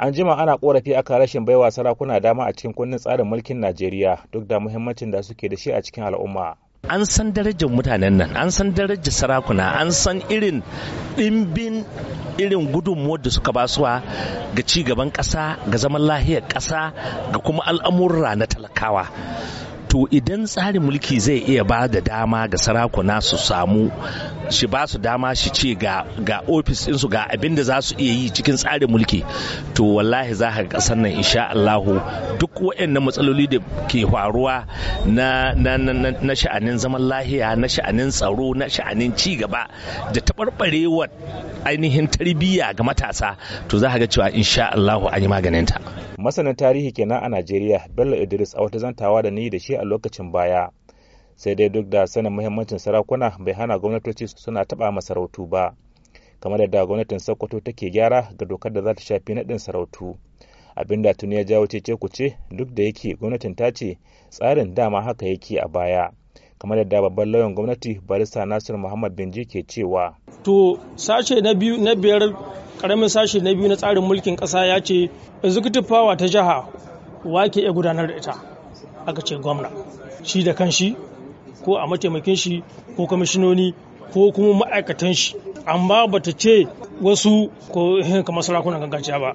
an jima ana korafi akan rashin baiwa sarakuna dama a cikin kundin tsarin mulkin najeriya duk da muhimmancin da suke da shi a cikin al'umma an san darajar mutanen nan an san darajar sarakuna an san irin ɗimbin irin gudunmuwar da suka basuwa ga ci gaban ƙasa ga zaman lahiyar ƙasa ga kuma al'amurra na talakawa to idan tsarin mulki zai iya ba da dama ga sarakuna su samu shi ba su dama shi ce ga ofis ɗinsu ga abin da za su iya yi cikin tsarin mulki to wallahi za ka ƙasar nan insha Allahu duk waɗannan matsaloli da ke faruwa na sha'anin zaman lahiya na sha'anin tsaro na sha'anin ci gaba da taɓarɓarewar ainihin tarbiyya ga matasa to za ka ga cewa insha Allahu an yi maganinta. masanin tarihi kenan a najeriya bello idris a wata zantawa da ni da shi a lokacin baya sai dai duk da sanin muhimmancin sarakuna bai hana gwamnatoci suna taɓa masarautu ba kamar da gwamnatin sokoto take gyara ga dokar da za ta shafi naɗin sarautu abin da tuni ya jawo cece ce duk da yake gwamnatin ta ce tsarin dama haka yake a baya kamar da babban lauyan gwamnati barista nasir muhammad binji ke cewa to sashe na biyu na biyar karamin sashi na biyu na tsarin mulkin ƙasa ya ce executive power ta jiha wake ya gudanar da ita aka ce gwamna shi da kan shi ko a mataimakin shi ko kwamishinoni ko kuma ma'aikatan shi amma bata ce wasu ko eh, kamar sarakunan gargajiya ba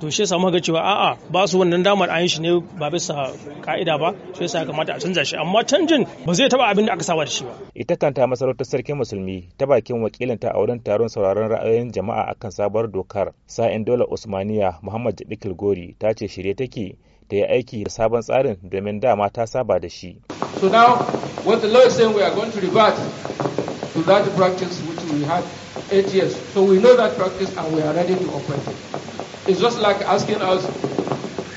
to shi yasa muka cewa a'a ba su wannan damar an yi shi ne ba bisa ka'ida ba shi yasa kamata a canza shi amma canjin ba zai taba abin da aka saba da shi ba ita kanta masarautar sarkin musulmi ta bakin wakilinta a wurin taron sauraron ra'ayoyin jama'a akan sabuwar dokar sa'in dole usmaniya muhammad jadikil gori ta ce shirye take ta yi aiki da sabon tsarin domin dama ta saba da shi so now what the law is saying we are going to revert to that practice which we had eight years. So we know that practice and we are ready to operate it. It's just like asking us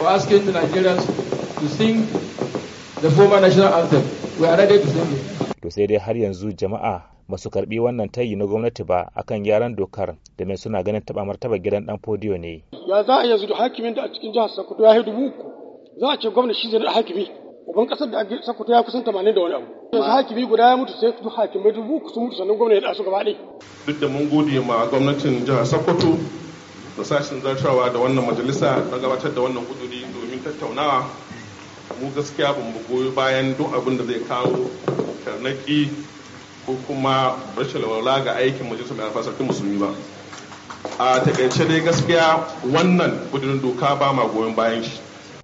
or asking the Nigerians to sing the former national anthem. We are ready to sing it. To sai dai har yanzu jama'a ba su karbi wannan tayi na gwamnati ba akan gyaran dokar da mai suna ganin taba martaba gidan dan fodiyo ne. Ya za a yanzu da hakimin da a cikin jihar Sokoto ya hidu muku. Za a ce gwamnati shi zai da hakimi. uban kasar da ake sakuta ya kusan 80 da wani abu yanzu hakimi guda ya mutu sai duk hakimai dubu su mutu sannan gwamnati ya su gaba ɗaya duk da mun gode ma gwamnatin jihar Sokoto da sashen zartawa da wannan majalisa na gabatar da wannan kuduri domin tattaunawa mu gaskiya ban mu goyi bayan duk abin da zai kawo tarnaki ko kuma rashin walwala ga aikin majalisar mai alfasarkin musulmi ba a takaice dai gaskiya wannan kudurin doka ba ma goyon bayan shi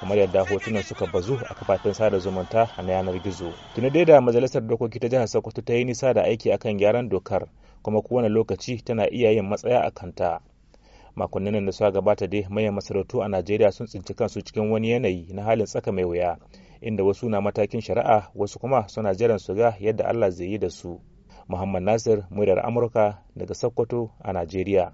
kamar yadda hotunan suka bazu a kafafen sada zumunta a na yanar gizo tuni dai da majalisar dokoki ta jihar sokoto ta yi nisa da aiki akan gyaran dokar kuma kowane lokaci tana iya yin matsaya a kanta makonnin da suka gabata dai mayan masarautu a najeriya sun tsinci kansu cikin wani yanayi na halin tsaka mai wuya inda wasu na matakin shari'a wasu kuma suna jiran su ga yadda allah zai yi da su muhammad nasir muryar amurka daga sokoto a najeriya